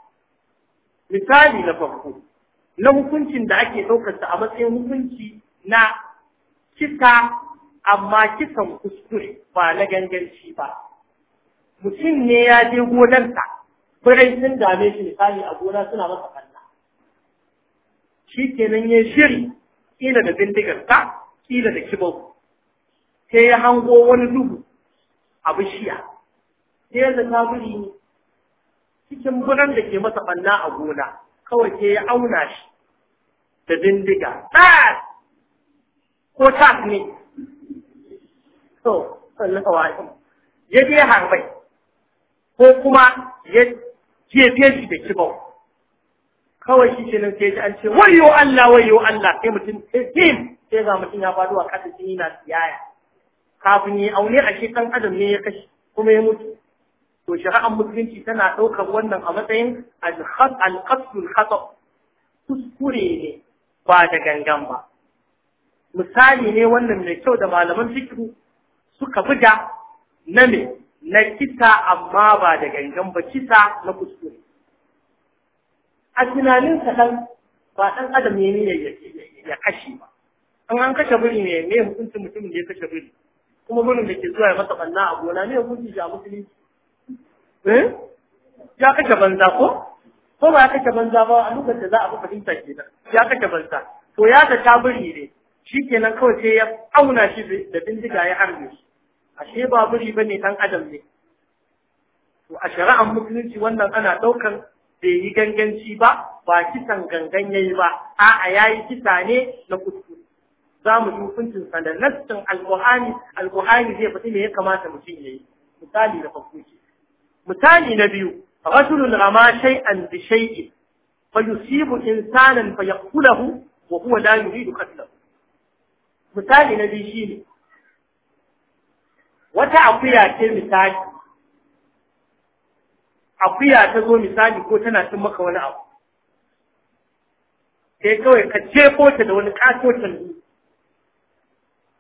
misali na farko na hukuncin da ake ɗaukarsa a matsayin hukunci na kisa amma kisan kuskure ba na ganganci ba mutum ne ya je gonarsa birai sun dame shi misali a gona suna masa shi kenan ya shiri kila da bindigar ta kila da kibau sai ya hango wani duhu a bishiya sai ya zata wuri ne cikin buran da ke masa ɓanna a gona kawai sai ya auna shi da bindiga ɗas ko tas ne to sallawa ya je harbai ko kuma ya je shi da kibau kawai shi nan sai ji an ce wayo Allah wayo Allah sai mutum sai sai ga mutum ya faɗo a ƙasa shi yana siyaya kafin ya aune a shi ɗan adam ne ya kashe kuma ya mutu to shari'ar musulunci tana ɗaukar wannan a matsayin al khata kuskure ne ba da gangan ba misali ne wannan mai kyau da malaman fikiru suka buga na me na kisa amma ba da gangan ba kisa na kuskure a tunaninsa ɗan ba dan adam ne ya kashe ba an an kashe biri ne ne hukuncin mutumin da ya kashe biri kuma birin da ke zuwa ya masa banna a gona ne hukunci shi a musulunci eh ya kashe banza ko ko ba ya kashe banza ba a lokacin da za a fi fahimta kenan ya kashe banza to ya ta ta biri ne kenan kawai sai ya auna shi da bindiga ya harbe shi ashe ba biri bane dan adam ne to a shari'ar musulunci wannan ana daukan bai yi ganganci ba ba kisan gangan ya yi ba a'a yi kisa ne na kuskure za mu yi hukuncin sa da nassin alqur'ani alqur'ani zai faɗi me ya kamata mutum yi. misali na farko ce misali na biyu rajulun rama shay'an bi shay'in fa yusibu insanan fa yaqtulahu wa huwa la yuridu qatlahu misali na biyu shine wata akuya ce misali akuya ta zo misali ko tana cin maka wani abu sai kawai ka jefo ta da wani katocin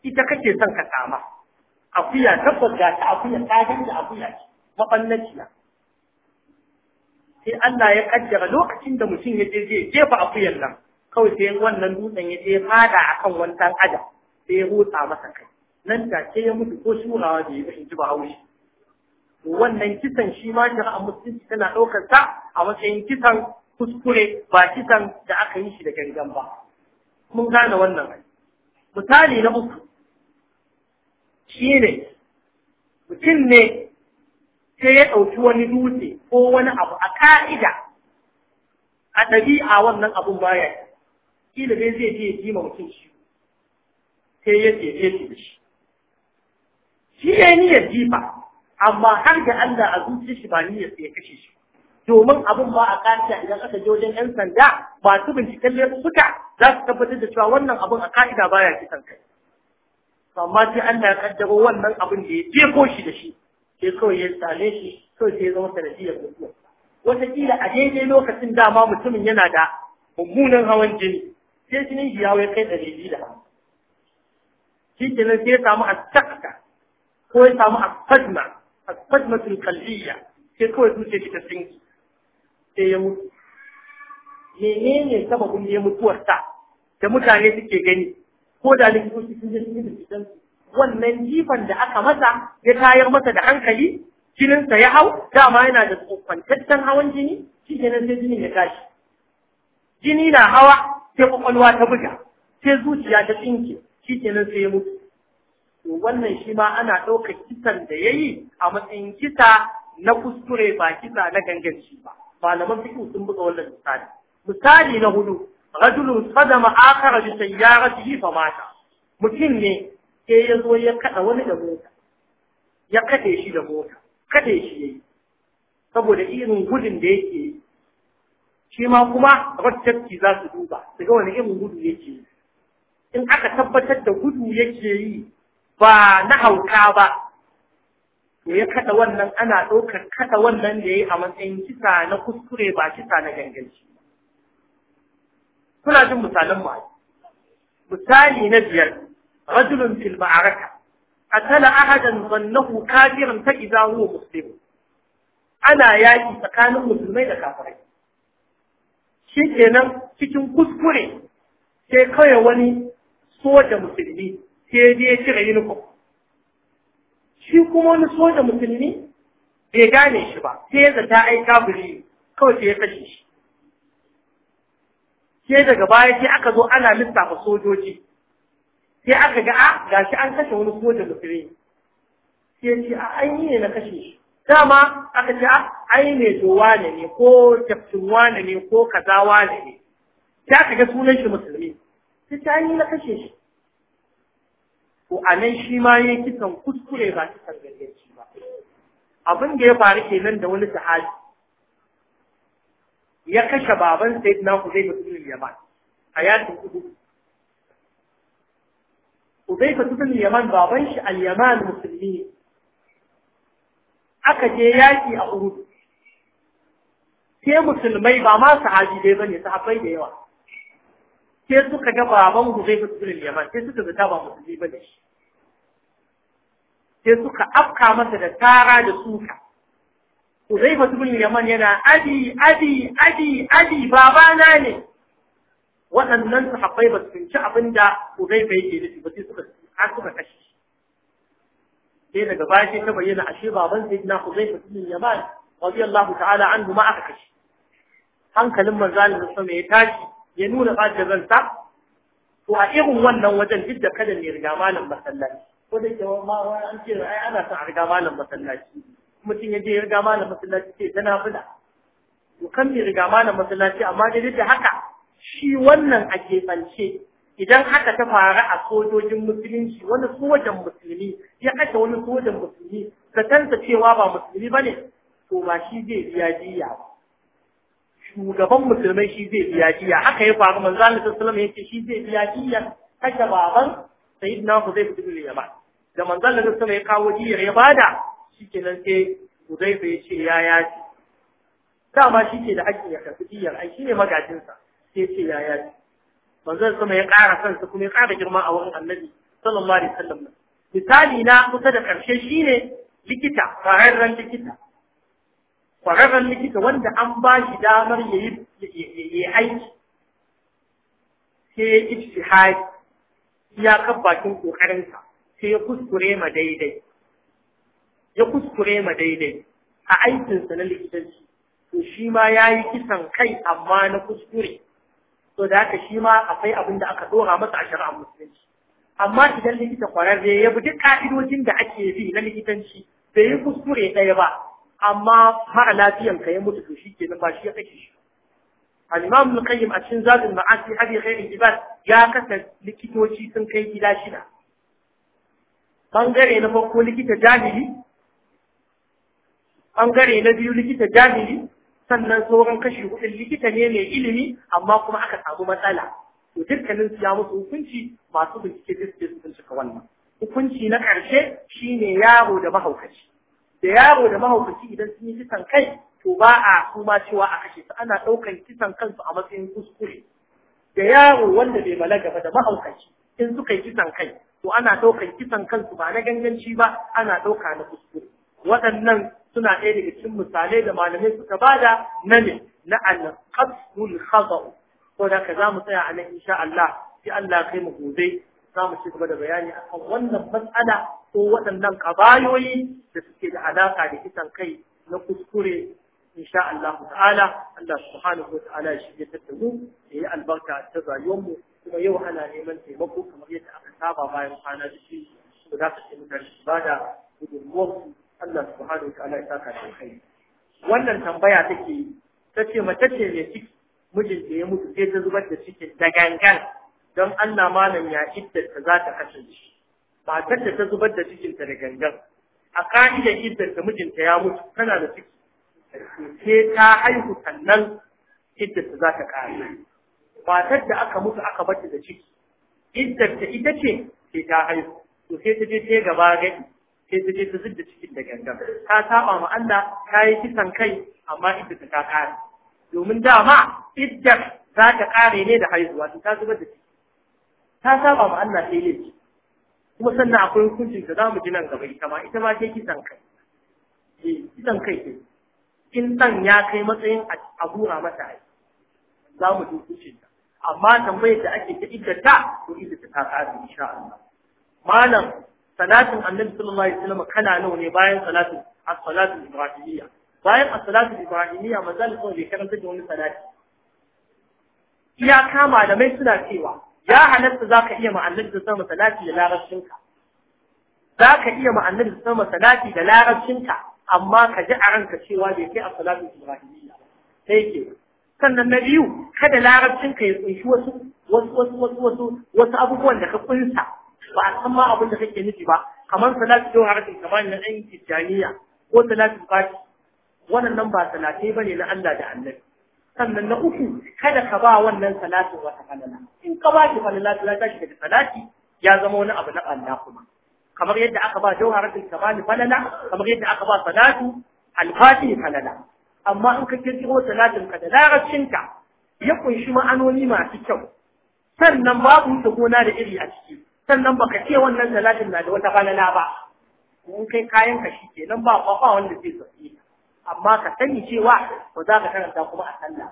ita kake son ka sama akuya tabbas ga ta akuya ta gani da akuya ce na. sai Allah ya kaddara lokacin da mutum ya je je jefa akuyan nan kawai sai wannan dutsen ya je fada akan wancan dan adam sai ya rotsa masa kai nan take ya mutu ko shurawa da ya in ba haushi wannan kisan shi ma musulunci tana ɗaukar sa a matsayin kisan kuskure ba kisan da aka yi shi da gangan ba mun gane wannan misali na uku ne, mutum ne sai ya ɗauki wani dutse ko wani abu a ka'ida a ɗabi'a wannan abun baya kila dai zai je ya ji ma mutum shi sai ya ce ya shi shi ya yi niyyar jifa amma har da Allah a zuci shi ba niyyar sai ya kashe shi domin abin ba a ka'ida idan aka je wajen yan sanda masu binciken laifuka za su tabbatar da cewa wannan abin a ka'ida baya kisan kai amma sai Allah ya kaddaro wannan abun da ya jefo shi da shi sai kawai ya same shi kawai sai ya zama sanadiyar mutuwa wataƙila a daidai lokacin dama mutumin yana da mummunan hawan jini sai jinin shi ya kai ɗari biyu da hamsin shi kenan sai ya samu astakta ko ya samu asfagma الصدمة kalbiya sai kawai zuciya shi ta sinki sai ya mutu menene sababin ya mutuwar ta da mutane suke gani ko da likitoci sun je sun binciken wannan jifan da aka masa ya tayar masa da hankali jininsa ya hau dama yana da kwantaccen hawan jini shi kenan sai jinin ya tashi jini na hawa sai kwakwalwa ta buga sai zuciya ta tsinke shi kenan sai ya mutu to wannan shi ma ana ɗaukar kisan da ya yi a matsayin kisa na kuskure ba kisa na ganganci ba malaman fiƙi sun buga wannan misali misali na hudu rajulun sadama akara bi sayyaratihi fa mata mutum ne sai ya zo ya kaɗa wani da mota ya kaɗe shi da mota kaɗe shi yi. saboda irin gudun da yake shi ma kuma rattaki za su duba su wani irin gudu yake yi in aka tabbatar da gudu yake yi ba na hauka ba da ya kada wannan ana ɗaukar kada wannan da ya yi a matsayin kisa na kuskure ba kisa na ganganci kuna jin misalan mu misali na biyar rajulun fil ma'araka qatala ahadan zannahu kafiran fa idza huwa muslim ana yaki tsakanin musulmai da kafirai shikenan cikin kuskure sai kawai wani soja musulmi sai je ya cire uniform shi kuma wani soja musulmi bai gane shi ba sai ya zata ai kafiri kawai sai ya kashe shi sai daga baya sai aka zo ana lissafa sojoji sai aka ga ah, ga shi an kashe wani soja musulmi sai ce a ah, an yi ne na kashe shi dama aka ce a ah, ai ne jowa ne ne ko kyaftin wane ne ko kaza wane ne sai aka ga sunan shi musulmi sai ta an yi na kashe shi to a nan shi ma ya kisan kuskure ba kisan shi ba abin da ya faru kenan da wani sahabi ya kashe baban sayyidina Hudayfa ibn Yaman a yakin Uhud Hudayfa ibn Yaman baban shi al-Yaman musulmi ne. aka je yaki a Uhud Ke musulmai ba ma sahabi dai bane sahabbai da yawa sai suka ga baban Huzai bin Yaman sai suka zata ba musu ba da shi sai suka afka masa da tara da suka Huzai bin Yaman yana adi adi adi adi babana ne waɗannan sahabbai ba su tunci abin da zai bai ke nufi ba sai suka har suka kashe sai daga baya ta bayyana ashe baban ku zai Huzai bin Yaman radiyallahu ta'ala an ma aka kashe hankalin manzalin Allah ya tashi ya nuna zansa to a irin wannan wajen duk da kada ne riga malam masallaci ko da cewa ma wa an ce ai ana son a riga malam masallaci mutum ya je ya riga malam masallaci ce ta fida to kan ne riga malam masallaci amma dai duk da haka shi wannan a keɓance idan haka ta faru a sojojin musulunci wani sojan musulmi ya kashe wani sojan musulmi ka tansa cewa ba musulmi bane to ba shi zai biya jiya ba shugaban musulmai shi zai biya jiya haka ya faru manzo Allah sallallahu alaihi wasallam shi zai biya jiya haka baban sayyidina Hudayfa ibn Yaman da manzo Allah sallallahu alaihi ya kawo jiyar ya bada shikenan sai Hudayfa ya ce ya yaji dama shi ke da hakkin ya karbi jiyar ai shine magajinsa sai ce ya yaji manzo sama ya ƙara kansa kuma ya ƙara girma a wurin annabi sallallahu alaihi wasallam misali na kusa da ƙarshe shine likita fararren likita kwararren likita wanda an ba shi damar ya yi aiki sai ya ijtihadi ya kan bakin kokarinsa sai ya kuskure ma daidai ya kuskure ma daidai a aikinsa na likitanci to shi ma ya yi kisan kai amma na kuskure to da haka shi ma akwai abin da aka ɗora masa a shari'ar musulunci amma idan likita kwararre ya bi duk ka'idojin da ake bi na likitanci bai yi kuskure ɗaya ba amma mara lafiyan ka ya mutu to shi kenan ba shi ya kashe shi al-imam a cikin zadul ma'asi kai in ibad ya kasa likitoci sun kai gida shida bangare na farko likita jahili bangare na biyu likita jahili sannan sauran kashi hudun likita ne mai ilimi amma kuma aka samu matsala to dukkanin su ya musu hukunci masu bincike duk sun cika wannan hukunci na ƙarshe shine yaro da mahaukaci da yaro da mahaukaci idan sun yi kisan kai to ba a kuma cewa a kashe su ana ɗaukan kisan kansu a matsayin kuskure da yaro wanda bai balaga ba da mahaukaci in suka yi kisan kai to ana ɗaukar kisan kansu ba na ganganci ba ana ɗauka na kuskure waɗannan suna ɗaya daga cikin misalai da malamai suka bada na ne na al-qasdul khaza'u ko da ka za mu tsaya a nan insha Allah sai Allah kai mu gobe za mu ci gaba da bayani akan wannan matsala ko waɗannan ƙabayoyi da suke da alaƙa da kisan kai na kuskure insha Allah ta'ala Allah subhanahu wa ta'ala ya shirye ta mu ya yi albarka ta rayuwarmu kuma yau ana neman taimako kamar yadda aka saba bayan kwana da shi su za ka ce mutane su bada gudunmuwarsu Allah subhanahu wa ta'ala ya da kai wannan tambaya take ta ce mace ce mai ciki mijinta ya mutu sai ta zubar da cikin da gangan don Allah malam ya idda ta za ta kasance ba da ta zubar da cikinta da gangan a ka'idar iddanta mijinta ya mutu tana da ciki ke ta haihu sannan iddanta za ta ƙara. matar da aka mutu aka bata da ciki iddanta ita ce ke ta haihu to sai ta je ta gaba ga sai ta je ta da cikin da gangan ta saba ma Allah ta yi kisan kai amma iddanta ta ƙare domin dama iddar za ta ƙare ne da haihuwa ta zubar da ciki ta saba ma Allah sai laifi kuma sannan akwai hukuncin da zamu ji nan gaba ita ma ita ma ke kisan kai eh kisan kai ke in dan ya kai matsayin a hura masa ai za mu ji hukuncin ta amma tambayar da ake ta idda ta to idda ta kasa insha Allah malam salatin annabi sallallahu alaihi wasallam kana nawa ne bayan salatin as-salatu ibrahimiyya bayan as-salatu ibrahimiyya manzon Allah bai karanta da wani salati iyaka malamai suna cewa ya halatta za ka iya ma'annabi da sama salati da larabcinka za ka iya ma'annabi da sama salati da larabcinka amma ka ji a ranka cewa bai kai a salatu ibrahimiyya sai ke sannan na biyu kada larabcinka ya kunshi wasu wasu wasu wasu wasu wasu abubuwan da ka kunsa ba a san ma abin da kake nufi ba kamar salatu da harafin kamar na ɗan tijjaniya ko salatu baki wannan ba salatai bane na Allah da Annabi sannan na uku kada ka ba wannan salatin wata falala in ka ba ki falala ta tashi daga salati ya zama wani abu na Allah kuma kamar yadda aka ba ba ni falala kamar yadda aka ba salatu al-fatihi amma in ka kirkiro salatin ka da larabcinka ya kunshi ma'anoni masu kyau sannan babu ta gona da iri a ciki sannan baka ce wannan salatin na da wata falala ba in kai kayan ka shi kenan ba kwafa wanda zai sauke ka amma ka sani cewa ba za ka karanta kuma a sallah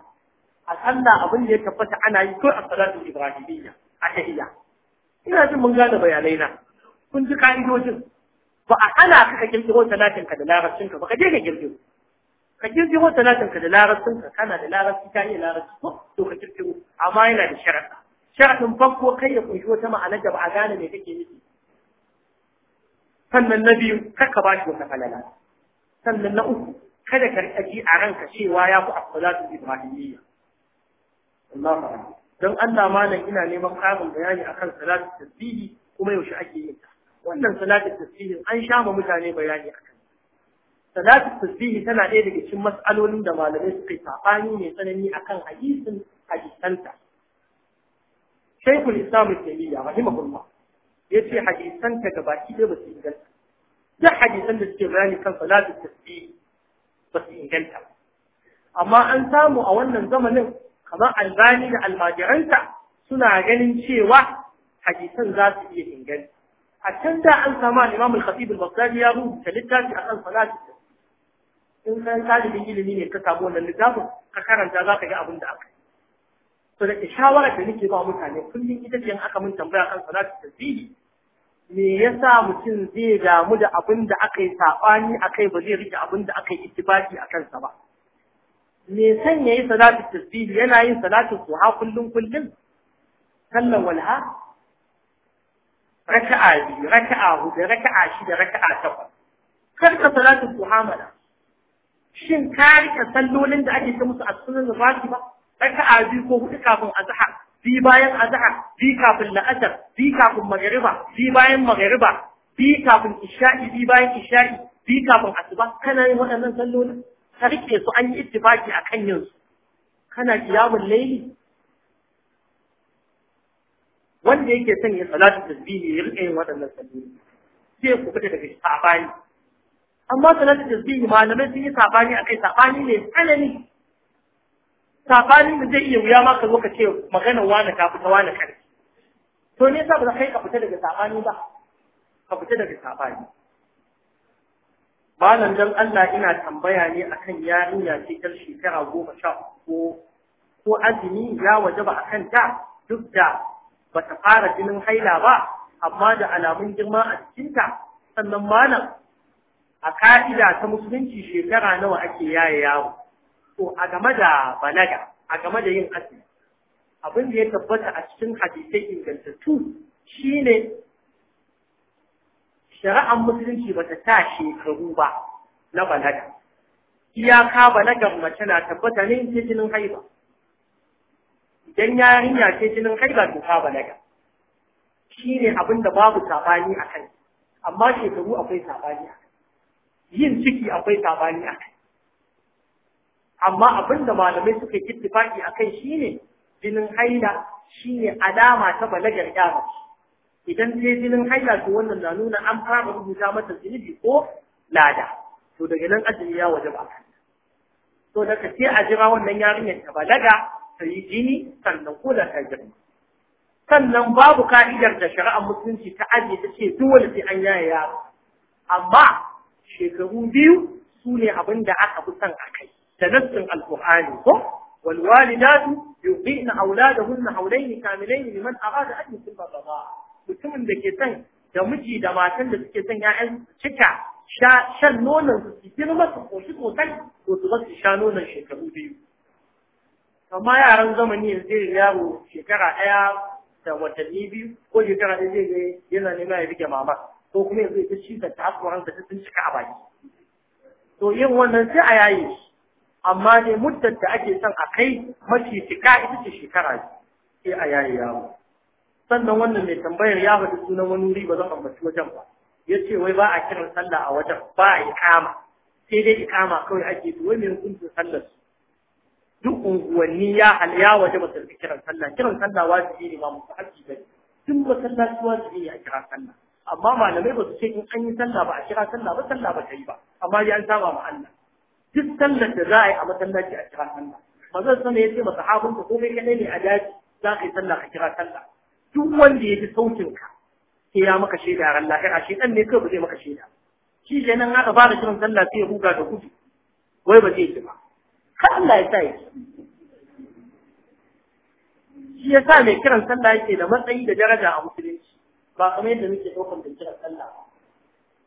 a sallah abin da ya tabbata ana yi ko a salatu ibrahimiyya a tahiyya ina jin mun gane bayanai na kun ji ka'idojin ba a hana ka ka kirkiro salatin ka da larabcin ka ba ka je ka kirkiro ka kirkiro salatin ka da larabcin ka kana da larabci ka iya larabci ko to ka kirkiro amma yana da sharaɗa sharaɗin farko kai ya kunshi wata ma'anar da ba a gane me kake nufi sannan na biyu kar ka bashi wata falala sannan na uku kada ka rika ji a ranka cewa ya fi afsalatu ibrahimiyya Allah ma'ana dan Allah malam ina neman ƙarin bayani akan salatu tasbihi kuma yaushe ake yin ta wannan salatu tasbihin an sha ma mutane bayani akan salatu tasbihi tana ɗaya daga cikin mas'alolin da malamai suka yi sabani mai tsanani akan hadisin hadisanta Shaykhul Islam Ibn rahimahullah ce hadisanta gabaki ɗaya ba su inganta duk hadisan da suke bayani kan salatu tasbihi ba su inganta ba amma an samu a wannan zamanin kamar albani da almajiranta suna ganin cewa hadisan za su iya inganta a can da an samu al-imam al-khatib al-baghdadi ya rubuta littafi akan salati in kan talibin ilimi ne ka samu wannan littafin ka karanta za ka ga abin da aka So da shawara da nake ba mutane kullum ita ce in aka mun tambaya kan salati tasbihi me yasa mutum zai damu da abin da aka yi saɓani a kai ba zai rike abin da aka yi ittifaki a kansa ba me san yayi salatu tasbih yana yin salatu duha kullun kullun sallan walha raka'a biyu raka'a hudu raka'a shida raka'a takwas ka salatu duha mana shin ka rike sallolin da ake ta musu a sunan rati ba raka'a bi ko hudu kafin azhar bi bayan azhar bi kafin la'asar bi kafin magariba bi bayan magariba bi kafin isha'i bi bayan isha'i bi kafin asuba kana yin waɗannan sallolin ka rike su an yi ittifaki a kan yin su kana kiyamun laili wanda yake son ya salatu tasbihi ya rike yin waɗannan sallolin sai ku fita daga sabani amma salatu tasbihi malamai sun yi sabani akai sabani ne tsanani sabanin da zai iya wuya ma ka zo ka ce magana wani ta fita wani karfi to ne sa ba za kai ka fita daga sabani ba ka fita daga ba malam dan Allah ina tambaya ne akan yarinya ce kar shekara goma sha ko ko azumi ya waje wajaba akan ta duk da ba ta fara jinin haila ba amma da alamun girma a cikinta sannan malam a ka'ida ta musulunci shekara nawa ake yaye yawo to a game da balaga a game da yin azumi abin da ya tabbata a cikin hadisai ingantattu ne shari'ar musulunci ba ta sa shekaru ba na balaga iyaka balagar mace na tabbata ne ke jinin haiba idan yarinya ke jinin haiba to ta balaga ne abin da babu sabani akan amma shekaru akwai sabani akan yin ciki akwai sabani akan amma abin da malamai suka yi kai shi shine jinin haila shine alama ta balagar yara idan sai jinin haila to wannan na nuna an fara rubuta mata zunubi ko lada to daga nan azumi ya waje ba to da ka sai a jira wannan yarinyar ta balaga ta yi jini sannan ko da ta girma sannan babu ka'idar da shari'ar musulunci ta ajiye ta ce dole sai an yaya yaro amma shekaru biyu su ne abin da aka fi son a kai da nassin alqur'ani ko wal walidatu yuqina auladahunna hawlayn kamilayn liman arada an yutimma rida'a mutumin da ke son da miji da matan da suke son ya'yan cika shan nonon su su girma su koshi sosai ko su basu sha nonon shekaru biyu amma yaran zamani yanzu zai yaro shekara ɗaya da watanni biyu ko shekara ɗaya zai zai yana nema ya rike mama ko kuma yanzu ya ci ta tasuwar da ta sun cika a baki to yin wannan sai a yaye shi amma ne muddar da ake son a kai mafi fika ita ce shekara ce sai a yayi yawo sannan wannan mai tambayar ya faɗi sunan wani wuri ba zan ambaci wajen ba ya ce wai ba a kiran sallah a wajen ba a ikama sai dai ikama kawai ake yi wai mai hukuncin sallar su duk unguwanni ya halya waje ba su kiran sallah kiran sallah wajibi ne ba musu haƙƙi ba Tun ba sallah su wajibi ne a kira sallah amma malamai ba su ce in an yi sallah ba a kira sallah ba sallah ba ta yi ba amma ya saba ma Allah duk sallar da za a yi a masallaci a kira sallah manzon sallah ya ce masa habun ka ko kai kadai ne a daji za ka yi sallah ka kira sallah duk wanda ya ji saukin ka sai ya maka shaida ran lahira a dan ne kai ba zai maka shaida shi nan aka fara kiran sallah sai ya huga da gudu wai ba zai ji ba har Allah ya sa ya shi ya sa mai kiran sallah yake da matsayi da daraja a musulunci ba kamar yadda muke ɗaukar da kiran sallah ba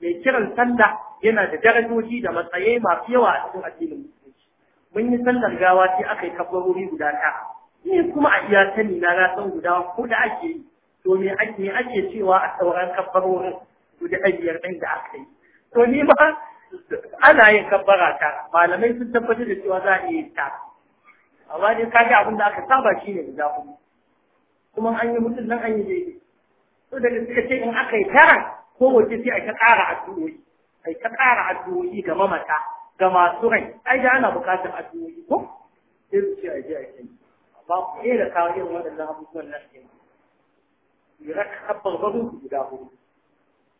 mai kiran sanda yana da darajoji da matsaye masu yawa a cikin addinin musulunci mun yi sandar gawa sai aka yi kafarori guda ta ni kuma a iya sani na na san guda ko da ake yi to me ake me ake cewa a sauran kafarorin guda biyar ɗin da aka yi to ni ma ana yin kafara ta malamai sun tabbatar da cewa za a iya ta amma dai kaga abin da aka saba shine guda kuma kuma an yi mutum nan an yi daidai to daga suka ce in aka yi tara Ko waje sai a ta ƙara addu'o'i ai ta ƙara addu'o'i ga mamata ga masu rai ai da ana buƙatar addu'o'i ko sai su ce a je a kai ba ku iya da kawo irin waɗannan abubuwan nan ke yi raka kabbar babu su guda hudu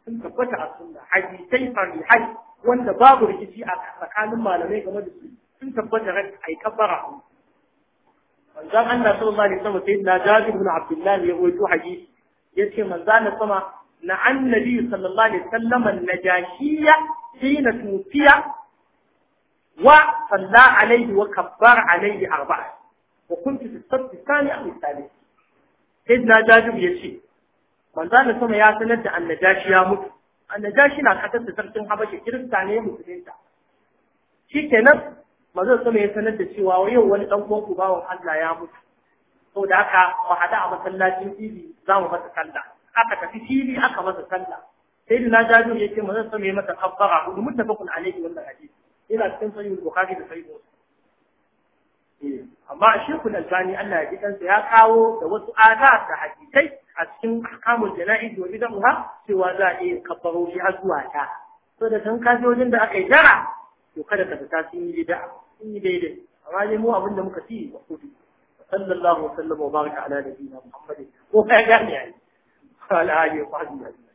sun tabbata a sunna hadisai sahihai wanda babu rikici a tsakanin malamai game da su sun tabbata ran ai kabbara hudu manzon Allah sallallahu alaihi wasallam sai na Jabir ibn Abdullah ya rawaito hadisi yace manzon Allah sama na annabi sallallahu alaihi wasallam najashiya hina tufiya wa salla alaihi wa kabbar alaihi arba'a wa kuntu tisabbi sami al na jaji ya ce manzo sama ya sanar da annajashi ya mutu annajashi na kasar da sarkin habashi kirista ne musulunta shikenan manzo sama ya sanar da cewa yau wani dan uwan ku Allah ya mutu saboda haka ba haɗu a masallacin idi za mu fata sallah aka tafi fili aka masa sallah sai da jajo ya ce manzon sama ya masa kabbara hudu muttafaqun alaihi wannan hadisi yana cikin sahih bukhari da sahih muslim eh, amma shekul albani Allah ya ji kansa ya kawo da wasu ada da hakikai a cikin ahkamul jana'iz wa bid'ah cewa za a iya kabbaro shi har zuwa ta saboda kan kaji wajen da aka yi jara to kada ka fita sun yi da sun yi daidai amma dai mu abin da muka ci wa kudu sallallahu alaihi wa sallam wa baraka ala nabiyina muhammadin ko ka gane قال علي آه أجمعين